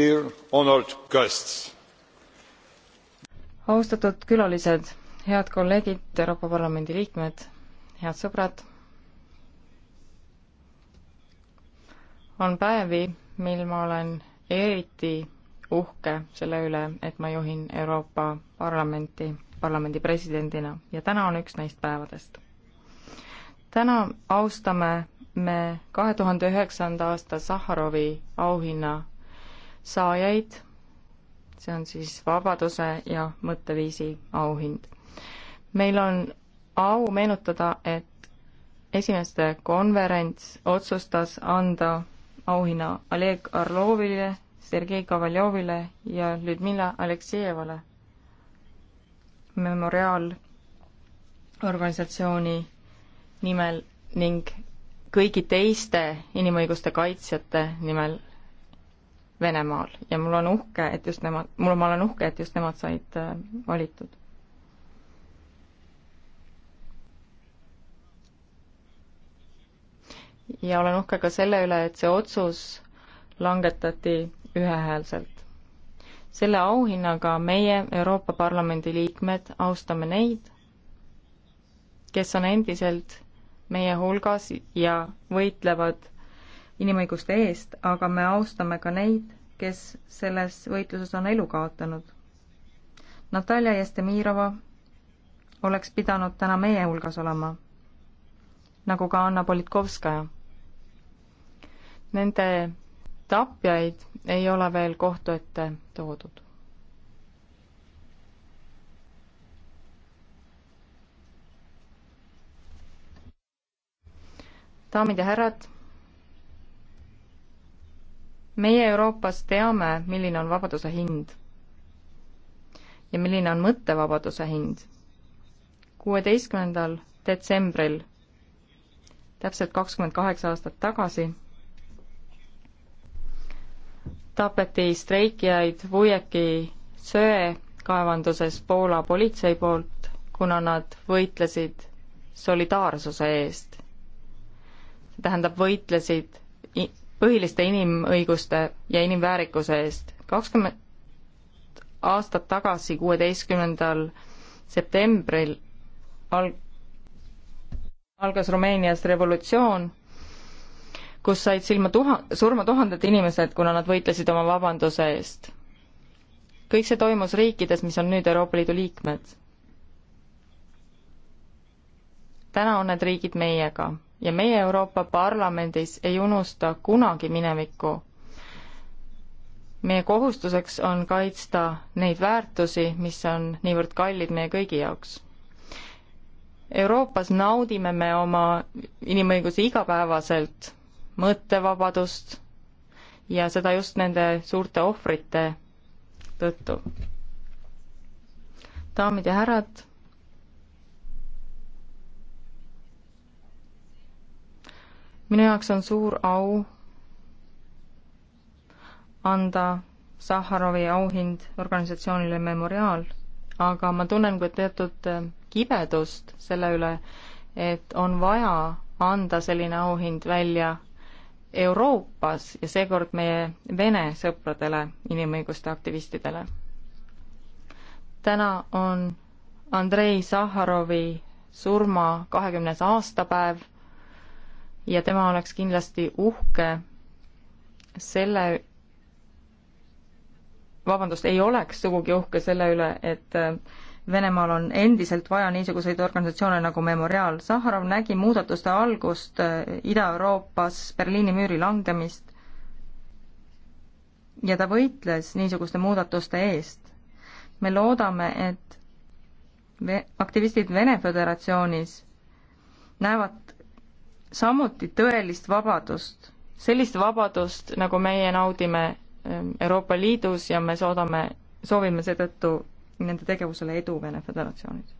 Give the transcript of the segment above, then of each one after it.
Dear honored guests. austatud külalised, head kolleegid, Euroopa Parlamendi liikmed, head sõbrad. on päevi, mil ma olen eriti uhke selle üle, et ma juhin Euroopa Parlamenti parlamendi presidendina ja täna on üks neist päevadest. täna austame me kahe tuhande üheksanda aasta Sahharovi auhinna saajaid, see on siis Vabaduse ja mõtteviisi auhind. meil on au meenutada, et esimeste konverents otsustas anda auhinna Oleg Orlovile, Sergei Kovaljovile ja Ljudmila Aleksejevale memoriaalorganisatsiooni nimel ning kõigi teiste inimõiguste kaitsjate nimel Venemaal ja mul on uhke, et just nemad, mul, ma olen uhke, et just nemad said äh, valitud. ja olen uhke ka selle üle, et see otsus langetati ühehäälselt. selle auhinnaga meie, Euroopa Parlamendi liikmed, austame neid, kes on endiselt meie hulgas ja võitlevad inimõiguste eest, aga me austame ka neid, kes selles võitluses on elu kaotanud. Natalja Jestemirova oleks pidanud täna meie hulgas olema, nagu ka Anna Politkovskaja. Nende tapjaid ei ole veel kohtu ette toodud. daamid ja härrad meie Euroopas teame, milline on vabaduse hind ja milline on mõttevabaduse hind. kuueteistkümnendal detsembril, täpselt kakskümmend kaheksa aastat tagasi, tapeti streikijaid Vujeki söe kaevanduses Poola politsei poolt, kuna nad võitlesid solidaarsuse eest. see tähendab, võitlesid põhiliste inimõiguste ja inimväärikuse eest. kakskümmend aastat tagasi, kuueteistkümnendal septembril alg-, algas Rumeenias revolutsioon, kus said silma tuha-, surma tuhanded inimesed, kuna nad võitlesid oma vabanduse eest. kõik see toimus riikides, mis on nüüd Euroopa Liidu liikmed. täna on need riigid meiega ja meie Euroopa Parlamendis ei unusta kunagi minevikku. meie kohustuseks on kaitsta neid väärtusi, mis on niivõrd kallid meie kõigi jaoks. Euroopas naudime me oma inimõigusi igapäevaselt, mõttevabadust ja seda just nende suurte ohvrite tõttu. daamid ja härrad minu jaoks on suur au anda Sahharovi auhind organisatsioonile Memoriaal, aga ma tunnen ka teatud äh, kibedust selle üle, et on vaja anda selline auhind välja Euroopas ja seekord meie Vene sõpradele, inimõiguste aktivistidele. täna on Andrei Sahharovi surma kahekümnes aastapäev ja tema oleks kindlasti uhke selle, vabandust, ei oleks sugugi uhke selle üle, et äh, Venemaal on endiselt vaja niisuguseid organisatsioone nagu Memorial. Saharov nägi muudatuste algust äh, Ida-Euroopas, Berliini müüri langemist ja ta võitles niisuguste muudatuste eest. me loodame, et aktivistid Vene Föderatsioonis näevad samuti tõelist vabadust, sellist vabadust, nagu meie naudime ähm, Euroopa Liidus ja me soodame, soovime seetõttu nende tegevusele edu Vene Föderatsioonis.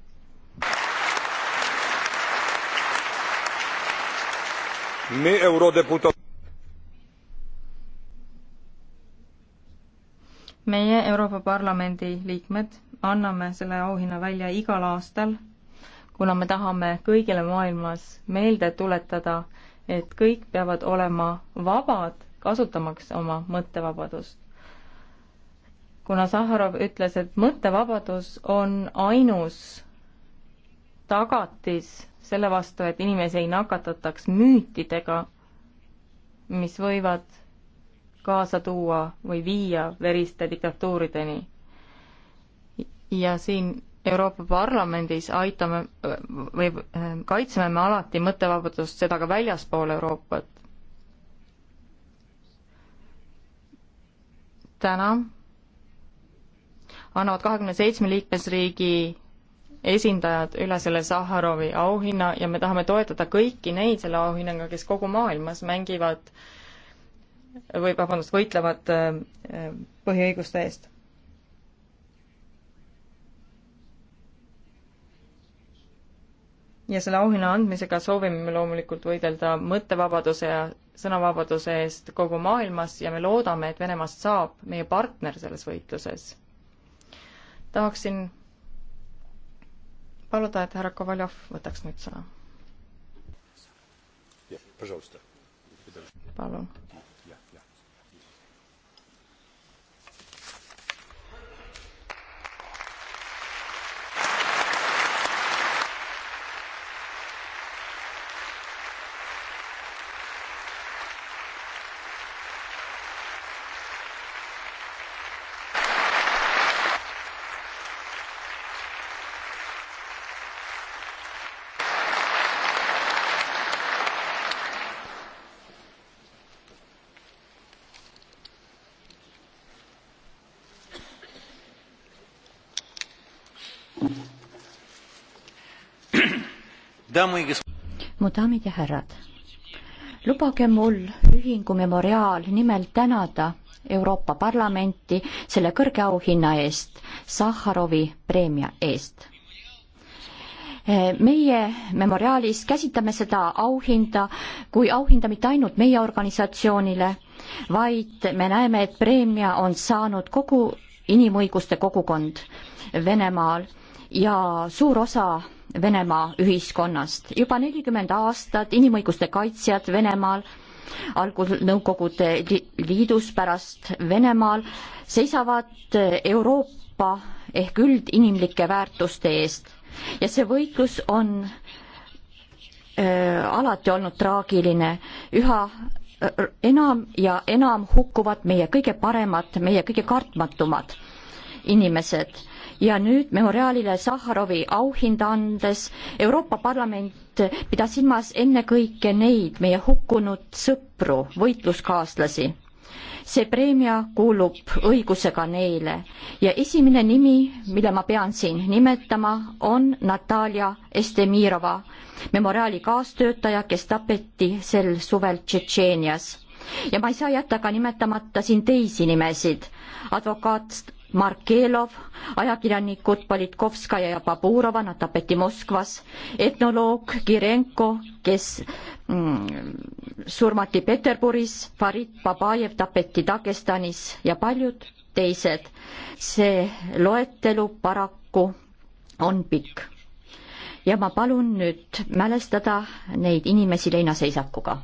me, eurodeputa-. meie Euroopa Parlamendi liikmed anname selle auhinna välja igal aastal kuna me tahame kõigile maailmas meelde tuletada, et kõik peavad olema vabad, kasutamaks oma mõttevabadust. kuna Saharov ütles, et mõttevabadus on ainus tagatis selle vastu, et inimesi ei nakatataks müütidega, mis võivad kaasa tuua või viia veriste diktatuurideni. ja siin Euroopa Parlamendis aitame või äh, kaitseme me alati mõttevabadust, seda ka väljaspool Euroopat. täna annavad kahekümne seitsme liikmesriigi esindajad üle selle Saharovi auhinna ja me tahame toetada kõiki neid selle auhinnaga, kes kogu maailmas mängivad või vabandust, võitlevad äh, äh, põhiõiguste eest ja selle auhinna andmisega soovime me loomulikult võidelda mõttevabaduse ja sõnavabaduse eest kogu maailmas ja me loodame, et Venemaast saab meie partner selles võitluses. tahaksin paluda, et härra Kovaljov võtaks nüüd sõna. palun. mu daamid ja härrad, lubage mul ühingu memoriaal nimel tänada Euroopa Parlamenti selle kõrge auhinna eest, Sahharovi preemia eest. meie memoriaalis käsitleme seda auhinda kui auhinda mitte ainult meie organisatsioonile, vaid me näeme, et preemia on saanud kogu inimõiguste kogukond Venemaal ja suur osa Venemaa ühiskonnast. juba nelikümmend aastat inimõiguste kaitsjad Venemaal, algul Nõukogude Liidus, pärast Venemaal, seisavad Euroopa ehk üldinimlike väärtuste eest ja see võitlus on äh, alati olnud traagiline, üha enam ja enam hukkuvad meie kõige paremad, meie kõige kartmatumad inimesed ja nüüd Memoriaalile Sahharovi auhinda andes Euroopa Parlament pidas silmas ennekõike neid meie hukkunud sõpru, võitluskaaslasi. see preemia kuulub õigusega neile ja esimene nimi, mille ma pean siin nimetama, on Natalja Estemirova, Memoriaali kaastöötaja, kes tapeti sel suvel Tšetšeenias ja ma ei saa jätta ka nimetamata siin teisi nimesid. advokaat Markelov, ajakirjanikud Politkovskaja ja Baburova, nad tapeti Moskvas, etnoloog Kirenko, kes mm, surmati Peterburis, Farid Babajev tapeti Dagestanis ja paljud teised. see loetelu paraku on pikk. ja ma palun nüüd mälestada neid inimesi leinaseisakuga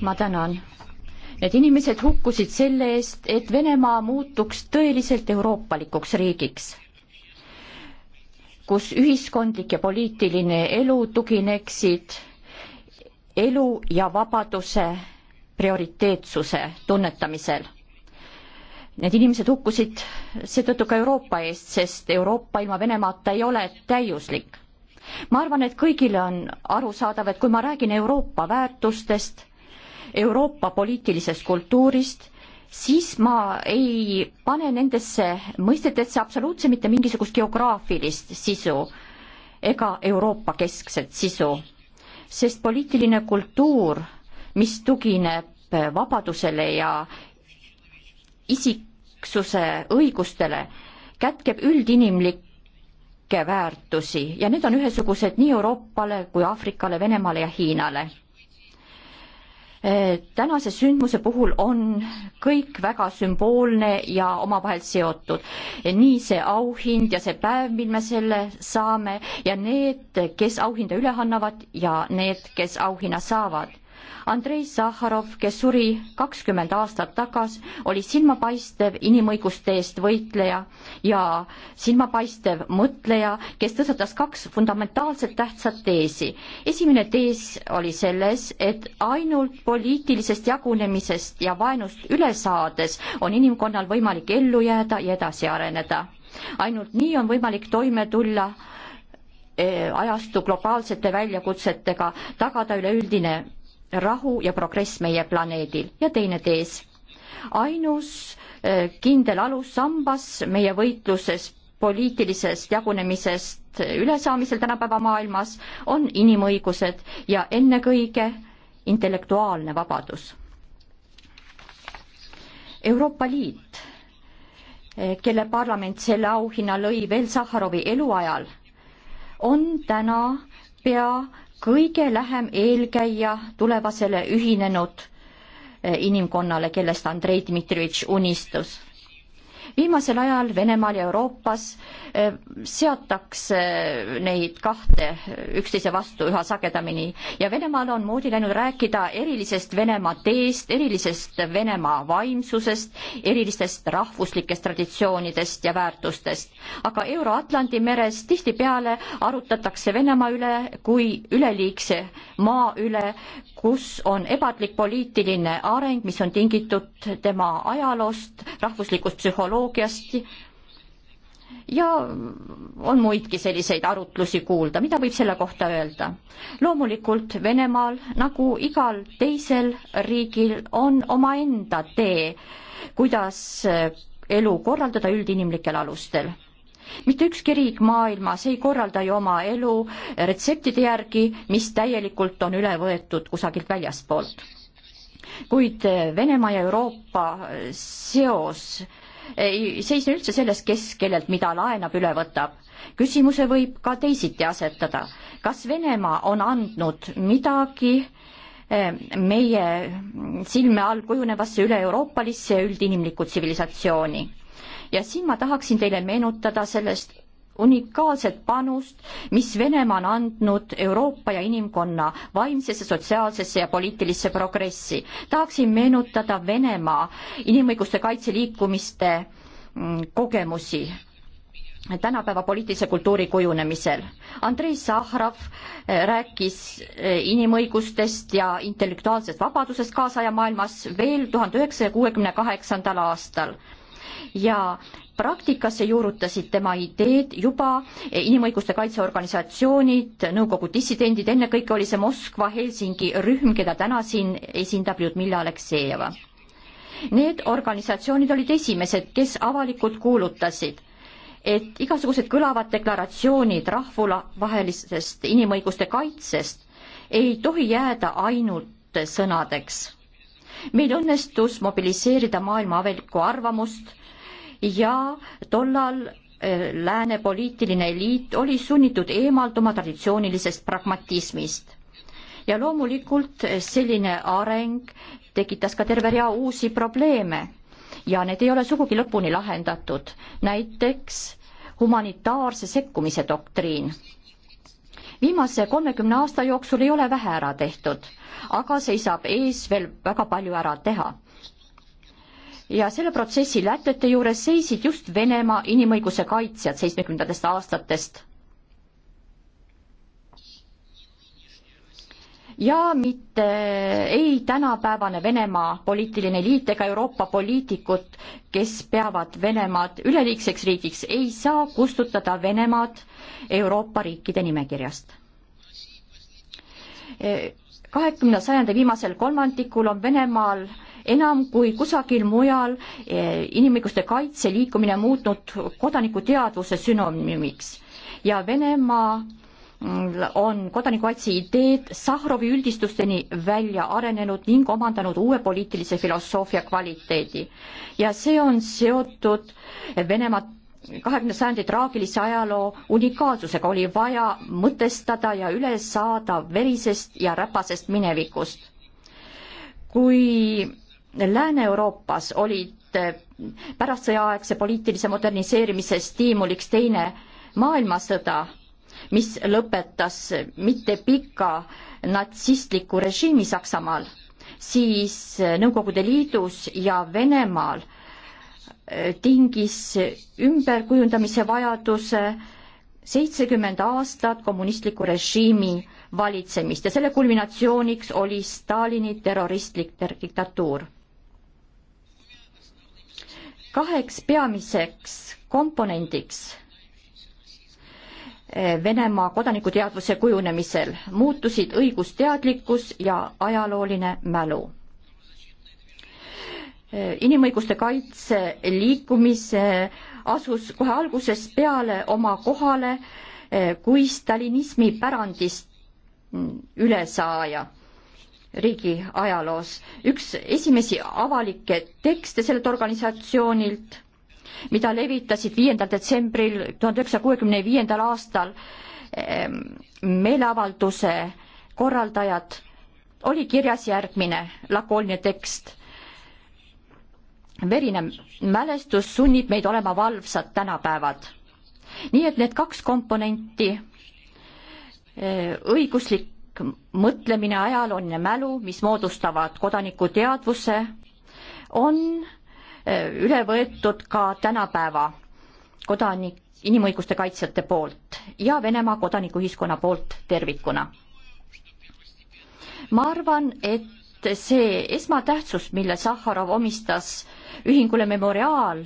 ma tänan. Need inimesed hukkusid selle eest, et Venemaa muutuks tõeliselt euroopalikuks riigiks, kus ühiskondlik ja poliitiline elu tugineksid elu ja vabaduse prioriteetsuse tunnetamisel need inimesed hukkusid seetõttu ka Euroopa eest, sest Euroopa ilma Venemaata ei ole täiuslik ma arvan, et kõigile on arusaadav, et kui ma räägin Euroopa väärtustest, Euroopa poliitilisest kultuurist, siis ma ei pane nendesse mõistetesse absoluutselt mitte mingisugust geograafilist sisu ega Euroopa keskset sisu. sest poliitiline kultuur, mis tugineb vabadusele ja isiksuse õigustele, kätkeb üldinimlik kõiki väärtusi ja need on ühesugused nii Euroopale kui Aafrikale, Venemaale ja Hiinale. tänase sündmuse puhul on kõik väga sümboolne ja omavahel seotud. nii see auhind ja see päev, mil me selle saame ja need, kes auhinda üle annavad ja need, kes auhinna saavad Andrei Sahharov, kes suri kakskümmend aastat tagasi, oli silmapaistev inimõiguste eest võitleja ja silmapaistev mõtleja, kes tõstatas kaks fundamentaalselt tähtsat teesi. esimene tees oli selles, et ainult poliitilisest jagunemisest ja vaenust üle saades on inimkonnal võimalik ellu jääda ja edasi areneda. ainult nii on võimalik toime tulla eh, ajastu globaalsete väljakutsetega, tagada üleüldine rahu ja progress meie planeedil ja teine tees, ainus eh, kindel alussambas meie võitluses poliitilisest jagunemisest ülesaamisel tänapäeva maailmas on inimõigused ja ennekõike intellektuaalne vabadus. Euroopa Liit, eh, kelle parlament selle auhinna lõi veel Sahharovi eluajal, on täna pea kõige lähem eelkäija tulevasele ühinenud eh, inimkonnale, kellest Andrei Dmitrijevitš unistus viimasel ajal Venemaal ja Euroopas eh, seatakse eh, neid kahte eh, üksteise vastu üha sagedamini ja Venemaal on moodi läinud rääkida erilisest Venemaa teest, erilisest Venemaa vaimsusest, erilistest rahvuslikest traditsioonidest ja väärtustest. aga Euro-Atlandi meres tihtipeale arutatakse Venemaa üle kui üleliigse maa üle, kus on ebatlik poliitiline areng, mis on tingitud tema ajaloost, rahvuslikust psühholoogiast, tehnoloogiast ja on muidki selliseid arutlusi kuulda, mida võib selle kohta öelda? loomulikult Venemaal nagu igal teisel riigil on omaenda tee, kuidas elu korraldada üldinimlikel alustel. mitte ükski riik maailmas ei korralda ju oma elu retseptide järgi, mis täielikult on üle võetud kusagilt väljaspoolt. kuid Venemaa ja Euroopa seos ei seisne üldse selles, kes kellelt mida laenab, üle võtab. küsimuse võib ka teisiti asetada. kas Venemaa on andnud midagi eh, meie silme all kujunevasse üle-euroopalisse ja üldinimlikku tsivilisatsiooni? ja siin ma tahaksin teile meenutada sellest unikaalset panust, mis Venemaa on andnud Euroopa ja inimkonna vaimsesse, sotsiaalsesse ja poliitilisse progressi. tahaksin meenutada Venemaa inimõiguste kaitseliikumiste mm, kogemusi tänapäeva poliitilise kultuuri kujunemisel. Andrei Sahrov eh, rääkis eh, inimõigustest ja intellektuaalsest vabadusest kaasaja maailmas veel tuhande üheksasaja kuuekümne kaheksandal aastal ja praktikasse juurutasid tema ideed juba inimõiguste kaitseorganisatsioonid, nõukogu dissidendid, ennekõike oli see Moskva-Helsingi rühm, keda täna siin esindab Ljudmilla Aleksejeva. Need organisatsioonid olid esimesed, kes avalikult kuulutasid, et igasugused kõlavad deklaratsioonid rahvusvahelisest inimõiguste kaitsest ei tohi jääda ainult sõnadeks. meil õnnestus mobiliseerida maailma avalikku arvamust ja tollal äh, lääne poliitiline eliit oli sunnitud eemalduma traditsioonilisest pragmatismist. ja loomulikult äh, selline areng tekitas ka terve rea uusi probleeme ja need ei ole sugugi lõpuni lahendatud, näiteks humanitaarse sekkumise doktriin. viimase kolmekümne aasta jooksul ei ole vähe ära tehtud, aga seisab ees veel väga palju ära teha ja selle protsessi lätete juures seisid just Venemaa inimõiguse kaitsjad seitsmekümnendatest aastatest. ja mitte ei tänapäevane Venemaa poliitiline eliit ega Euroopa poliitikud, kes peavad Venemaad üleliigseks riigiks, ei saa kustutada Venemaad Euroopa riikide nimekirjast kahekümnenda sajandi viimasel kolmandikul on Venemaal enam kui kusagil mujal eh, inimõiguste kaitse liikumine muutnud kodanikuteadvuse sünonüümiks ja Venemaa mm, on kodanikukaitse ideed Sahhrovi üldistusteni välja arenenud ning omandanud uue poliitilise filosoofia kvaliteedi. ja see on seotud Venemaa kahekümnenda sajandi traagilise ajaloo unikaalsusega oli vaja mõtestada ja üle saada verisest ja räpasest minevikust. kui Lääne-Euroopas olid eh, pärastsõjaaegse poliitilise moderniseerimise stiimuliks teine maailmasõda, mis lõpetas mitte pika natsistliku režiimi Saksamaal, siis eh, Nõukogude Liidus ja Venemaal eh, tingis ümberkujundamise vajaduse seitsekümmend aastat kommunistliku režiimi valitsemist ja selle kulminatsiooniks oli Stalini terroristlik diktatuur kaheks peamiseks komponendiks eh, Venemaa kodanikuteadvuse kujunemisel muutusid õigusteadlikkus ja ajalooline mälu. Eh, inimõiguste kaitse liikumise asus kohe algusest peale oma kohale eh, kui stalinismi pärandist mm, ülesaaja riigi ajaloos. üks esimesi avalikke tekste sellelt organisatsioonilt, mida levitasid viiendal detsembril tuhande üheksasaja kuuekümne viiendal aastal ehm, meeleavalduse korraldajad, oli kirjas järgmine lakooniline tekst. verine mälestus sunnib meid olema valvsad tänapäevad. nii et need kaks komponenti, eh, õiguslik avalik mõtlemine, ajalooline mälu, mis moodustavad kodanikuteadvuse, on eh, üle võetud ka tänapäeva kodanik, inimõiguste kaitsjate poolt ja Venemaa kodanikuühiskonna poolt tervikuna. ma arvan, et see esmatähtsus, mille Sahharov omistas ühingule Memoriaal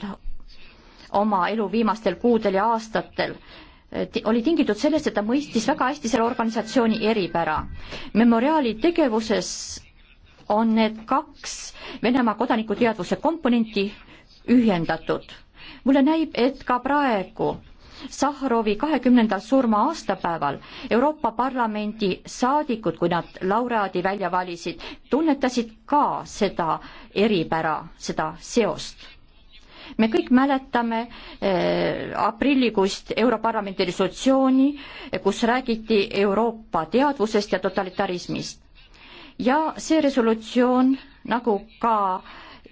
oma elu viimastel kuudel ja aastatel, oli tingitud sellest, et ta mõistis väga hästi selle organisatsiooni eripära. memoriaali tegevuses on need kaks Venemaa kodanikuteadvuse komponenti ühendatud. mulle näib, et ka praegu Sahhrovi kahekümnendal surma-aastapäeval Euroopa Parlamendi saadikud, kui nad laureaadi välja valisid, tunnetasid ka seda eripära, seda seost me kõik mäletame eh, aprillikuist Europarlamendi resolutsiooni, eh, kus räägiti Euroopa teadvusest ja totalitarismist. ja see resolutsioon nagu ka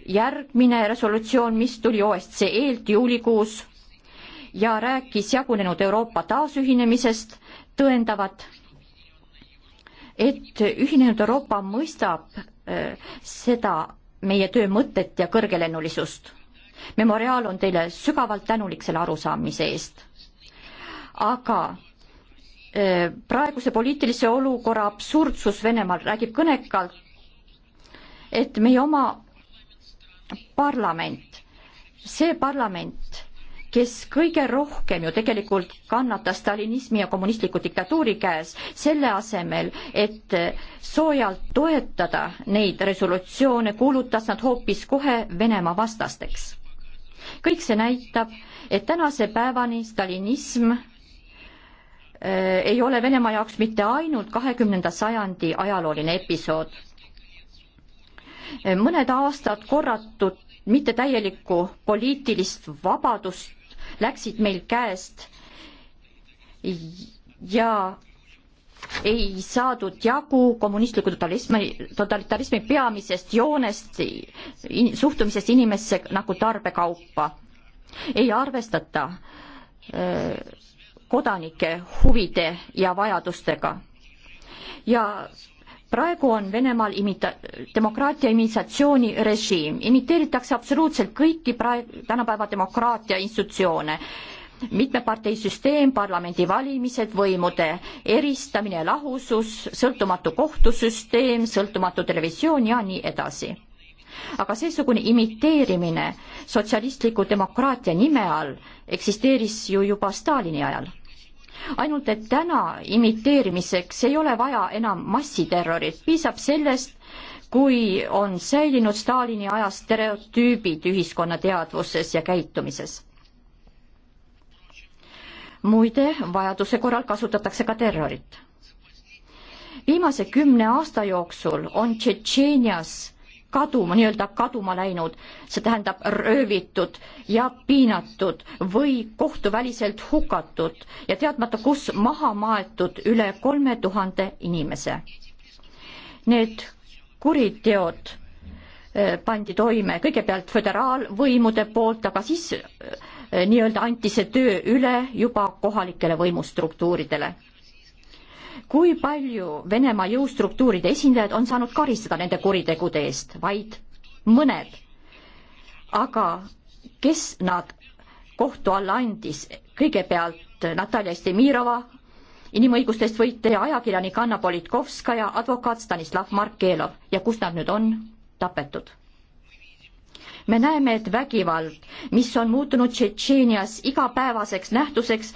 järgmine resolutsioon, mis tuli OSCE-lt juulikuus ja rääkis jagunenud Euroopa taasühinemisest, tõendavad, et ühinenud Euroopa mõistab eh, seda meie töö mõtet ja kõrgelennulisust memoriaal on teile sügavalt tänulik selle arusaamise eest. aga e, praeguse poliitilise olukorra absurdsus Venemaal räägib kõnekalt, et meie oma parlament, see parlament, kes kõige rohkem ju tegelikult kannatas stalinismi ja kommunistliku diktatuuri käes, selle asemel, et soojalt toetada neid resolutsioone, kuulutas nad hoopis kohe Venemaa vastasteks kõik see näitab, et tänase päevani stalinism äh, ei ole Venemaa jaoks mitte ainult kahekümnenda sajandi ajalooline episood. mõned aastad korratud mittetäielikku poliitilist vabadust läksid meil käest ja ei saadud jagu kommunistliku totalismi, totalitarismi peamisest joonest in,, suhtumisest inimesse nagu tarbekaupa. ei arvestata öö, kodanike huvide ja vajadustega. ja praegu on Venemaal imita-, demokraatia imitatsiooni režiim, imiteeritakse absoluutselt kõiki praegu, tänapäeva demokraatia institutsioone mitmeparteisüsteem, parlamendivalimised, võimude eristamine, lahusus, sõltumatu kohtusüsteem, sõltumatu televisioon ja nii edasi. aga seesugune imiteerimine sotsialistliku demokraatia nime all eksisteeris ju juba Stalini ajal ainult et täna imiteerimiseks ei ole vaja enam massiterrorit, piisab sellest, kui on säilinud Stalini aja stereotüübid ühiskonna teadvuses ja käitumises muide, vajaduse korral kasutatakse ka terrorit. viimase kümne aasta jooksul on Tšetšeenias kaduma, nii-öelda kaduma läinud, see tähendab röövitud ja piinatud või kohtuväliselt hukatud ja teadmata kus maha maetud üle kolme tuhande inimese. Need kuriteod eh, pandi toime kõigepealt föderaalvõimude poolt, aga siis eh, Äh, nii-öelda anti see töö üle juba kohalikele võimustruktuuridele. kui palju Venemaa jõustruktuuride esindajad on saanud karistada nende kuritegude eest, vaid mõned. aga kes nad kohtu alla andis, kõigepealt Natalja Estemirova, inimõigustest võitleja ajakirjanik Anna Politkovskaja, advokaat Stanislav Markelov ja kus nad nüüd on tapetud? me näeme, et vägivald, mis on muutunud Tšetšeenias igapäevaseks nähtuseks,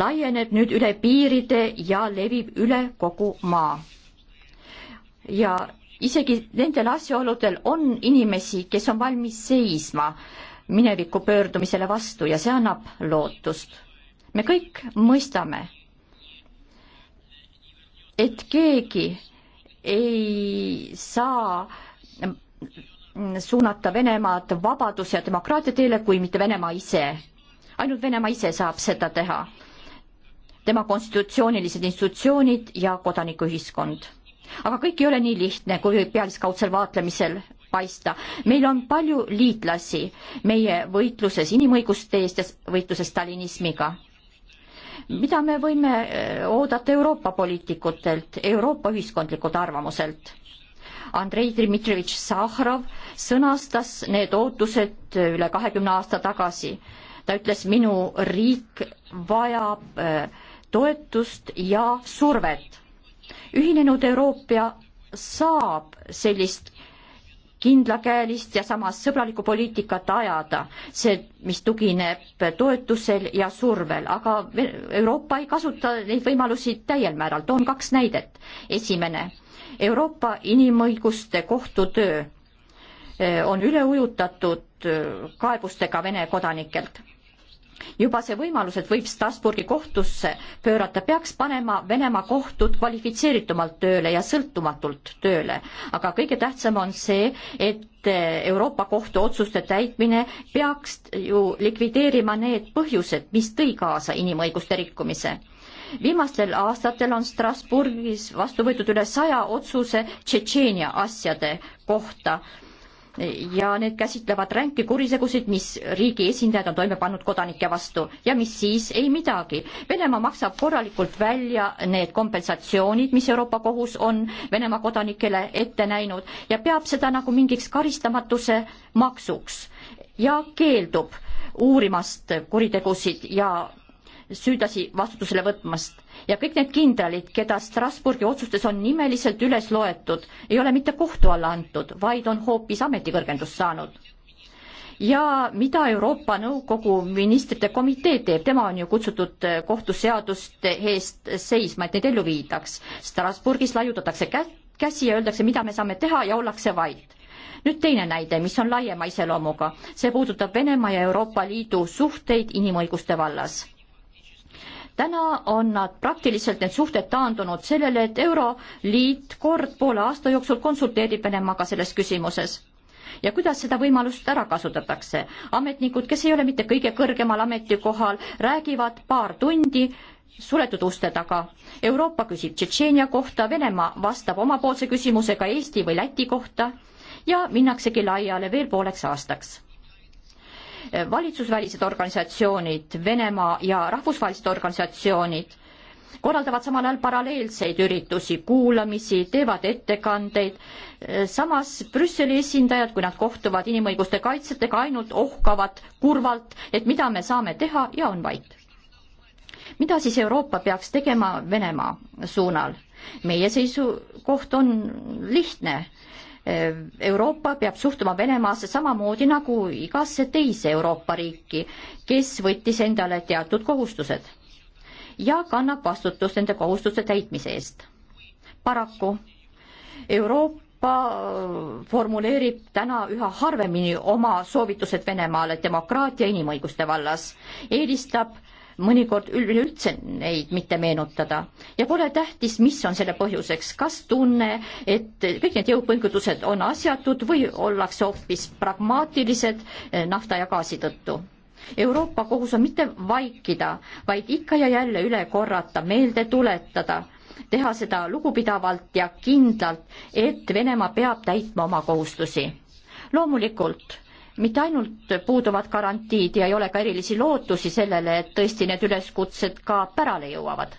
laieneb nüüd üle piiride ja levib üle kogu maa. ja isegi nendel asjaoludel on inimesi, kes on valmis seisma mineviku pöördumisele vastu ja see annab lootust. me kõik mõistame, et keegi ei saa suunata Venemaad vabaduse ja demokraatia teele, kui mitte Venemaa ise. ainult Venemaa ise saab seda teha. tema konstitutsioonilised institutsioonid ja kodanikuühiskond. aga kõik ei ole nii lihtne, kui pealiskaudsel vaatlemisel paista. meil on palju liitlasi meie võitluses inimõiguste eest ja võitluses stalinismiga mida me võime eh, oodata Euroopa poliitikutelt, Euroopa ühiskondlikult arvamuselt? Andrei Dmitrijevitš Sahhrov sõnastas need ootused äh, üle kahekümne aasta tagasi. ta ütles, minu riik vajab äh, toetust ja survet. ühinenud Euroopa saab sellist kindlakäelist ja samas sõbralikku poliitikat ajada, see, mis tugineb toetusel ja survel, aga Euroopa ei kasuta neid võimalusi täiel määral, toon kaks näidet. esimene Euroopa Inimõiguste Kohtu töö eh, on üle ujutatud eh, kaebustega Vene kodanikelt. juba see võimalus, et võib Strasbourgi kohtusse pöörata, peaks panema Venemaa kohtud kvalifitseeritumalt tööle ja sõltumatult tööle. aga kõige tähtsam on see, et eh, Euroopa Kohtu otsuste täitmine peaks ju likvideerima need põhjused, mis tõi kaasa inimõiguste rikkumise viimastel aastatel on Strasbourgis vastu võetud üle saja otsuse Tšetšeenia asjade kohta ja need käsitlevad ränki kuritegusid, mis riigi esindajad on toime pannud kodanike vastu ja mis siis ei midagi. Venemaa maksab korralikult välja need kompensatsioonid, mis Euroopa Kohus on Venemaa kodanikele ette näinud ja peab seda nagu mingiks karistamatuse maksuks ja keeldub uurimast kuritegusid ja süüdlasi vastutusele võtmast ja kõik need kindralid, keda Strasburgi otsustes on nimeliselt üles loetud, ei ole mitte kohtu alla antud, vaid on hoopis ametikõrgendust saanud. ja mida Euroopa Nõukogu ministrite komitee teeb, tema on ju kutsutud eh, kohtuseaduste eest seisma, et neid ellu viidaks. Strasburgis laiutatakse kä-, käsi ja öeldakse, mida me saame teha ja ollakse vait nüüd teine näide, mis on laiema iseloomuga, see puudutab Venemaa ja Euroopa Liidu suhteid inimõiguste vallas täna on nad praktiliselt, need suhted taandunud sellele, et Euroliit kord poole aasta jooksul konsulteerib Venemaaga selles küsimuses ja kuidas seda võimalust ära kasutatakse. ametnikud, kes ei ole mitte kõige kõrgemal ametikohal, räägivad paar tundi suletud uste taga. Euroopa küsib Tšetšeenia kohta, Venemaa vastab omapoolse küsimusega Eesti või Läti kohta ja minnaksegi laiale veel pooleks aastaks valitsusvälised organisatsioonid, Venemaa ja rahvusvahelised organisatsioonid korraldavad samal ajal paralleelseid üritusi, kuulamisi, teevad ettekandeid. samas Brüsseli esindajad, kui nad kohtuvad inimõiguste kaitsjatega, ainult ohkavad kurvalt, et mida me saame teha ja on vait. mida siis Euroopa peaks tegema Venemaa suunal? meie seisukoht on lihtne. Euroopa peab suhtuma Venemaasse samamoodi nagu igasse teise Euroopa riiki, kes võttis endale teatud kohustused ja kannab vastutust nende kohustuste täitmise eest. paraku Euroopa äh, formuleerib täna üha harvemini oma soovitused Venemaale demokraatia inimõiguste vallas, eelistab mõnikord üleüldse neid mitte meenutada ja pole tähtis, mis on selle põhjuseks, kas tunne, et kõik need jõupingutused on asjatud või ollakse hoopis pragmaatilised eh, nafta ja gaasi tõttu. Euroopa kohus on mitte vaikida, vaid ikka ja jälle üle korrata, meelde tuletada, teha seda lugupidavalt ja kindlalt, et Venemaa peab täitma oma kohustusi. loomulikult mitte ainult puuduvad garantiid ja ei ole ka erilisi lootusi sellele, et tõesti need üleskutsed ka pärale jõuavad.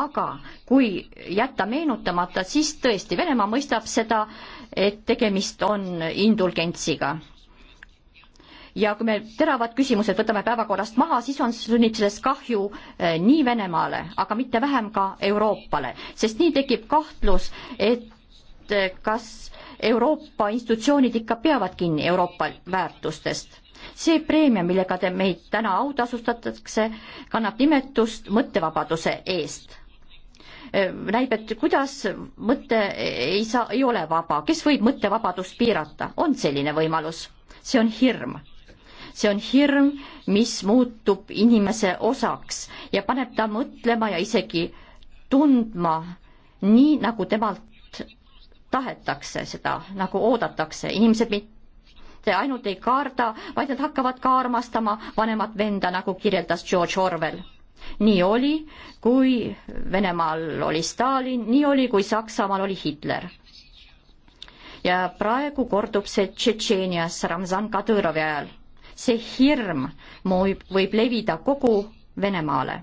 aga kui jätta meenutamata, siis tõesti Venemaa mõistab seda, et tegemist on indulgentsiga ja kui me teravad küsimused võtame päevakorrast maha, siis on, sünnib sellest kahju eh, nii Venemaale, aga mitte vähem ka Euroopale, sest nii tekib kahtlus, et eh, kas Euroopa institutsioonid ikka peavad kinni Euroopa väärtustest. see preemia, millega te meid täna autasustatakse, kannab nimetust mõttevabaduse eest eh, näib, et kuidas mõte ei saa, ei ole vaba, kes võib mõttevabadust piirata, on selline võimalus, see on hirm see on hirm, mis muutub inimese osaks ja paneb ta mõtlema ja isegi tundma nii, nagu temalt tahetakse seda, nagu oodatakse, inimesed mitte ainult ei kaarda, vaid nad hakkavad ka armastama vanemat venda, nagu kirjeldas George Orwell nii oli, kui Venemaal oli Stalin, nii oli, kui Saksamaal oli Hitler. ja praegu kordub see Tšetšeenias Ramzan Kadõrovi ajal see hirm võib levida kogu Venemaale.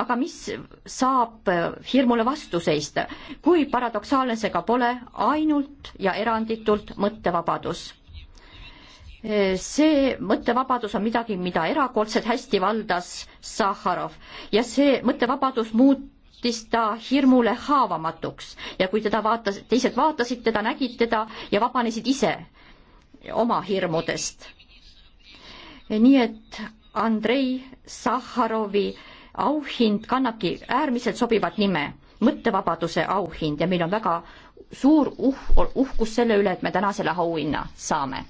aga mis saab hirmule vastu seista, kui paradoksaalne see ka pole, ainult ja eranditult mõttevabadus see mõttevabadus on midagi, mida erakordselt hästi valdas Sahharov ja see mõttevabadus muutis ta hirmule haavamatuks ja kui teda vaatas, teised vaatasid teda, nägid teda ja vabanesid ise oma hirmudest. nii et Andrei Sahharovi auhind kannabki äärmiselt sobivat nime, mõttevabaduse auhind ja meil on väga suur uh-, uhkus selle üle, et me täna selle auhinna saame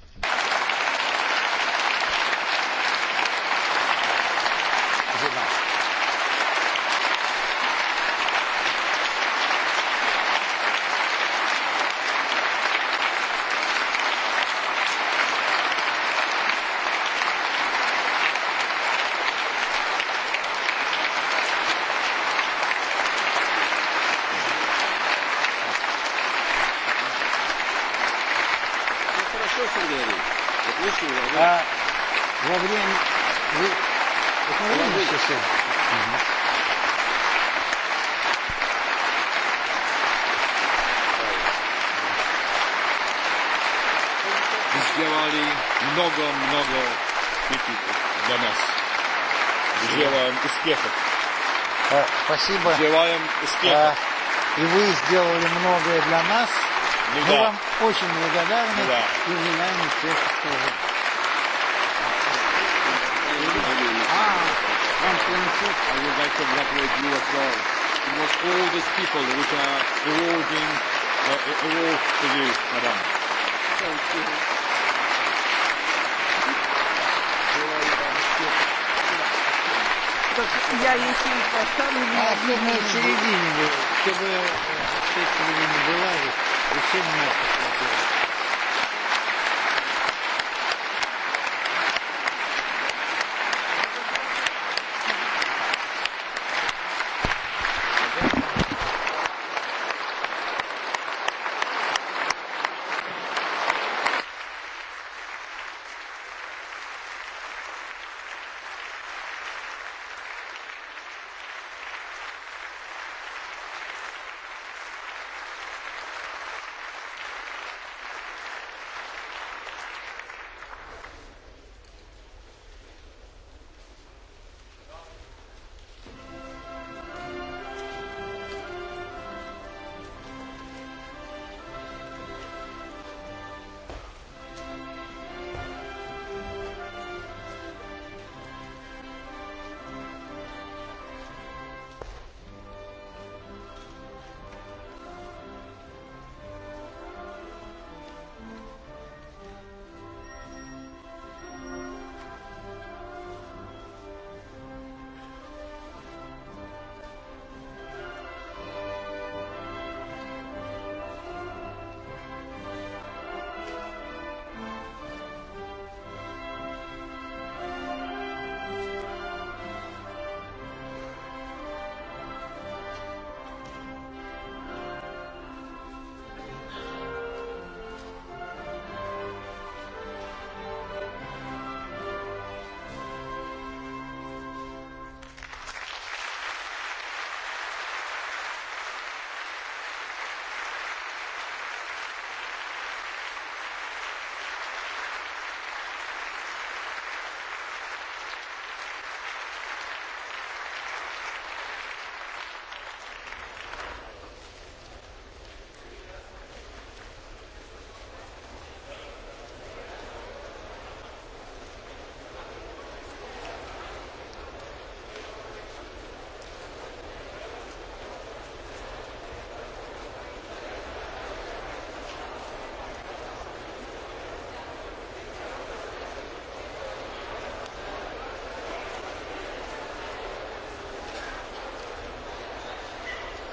спасибо. Желаем успеха. И вы сделали многое для нас. Ну, Мы да. вам очень благодарны ну, да. и желаем успеха тоже. А, вам принесут. I would like to congratulate you as well. It was all these people which are awarding the award to you, madam. Thank you. Потому что я, если их поставлю, не А одну середине, чтобы, чтобы не была, и все на нас посмотрели.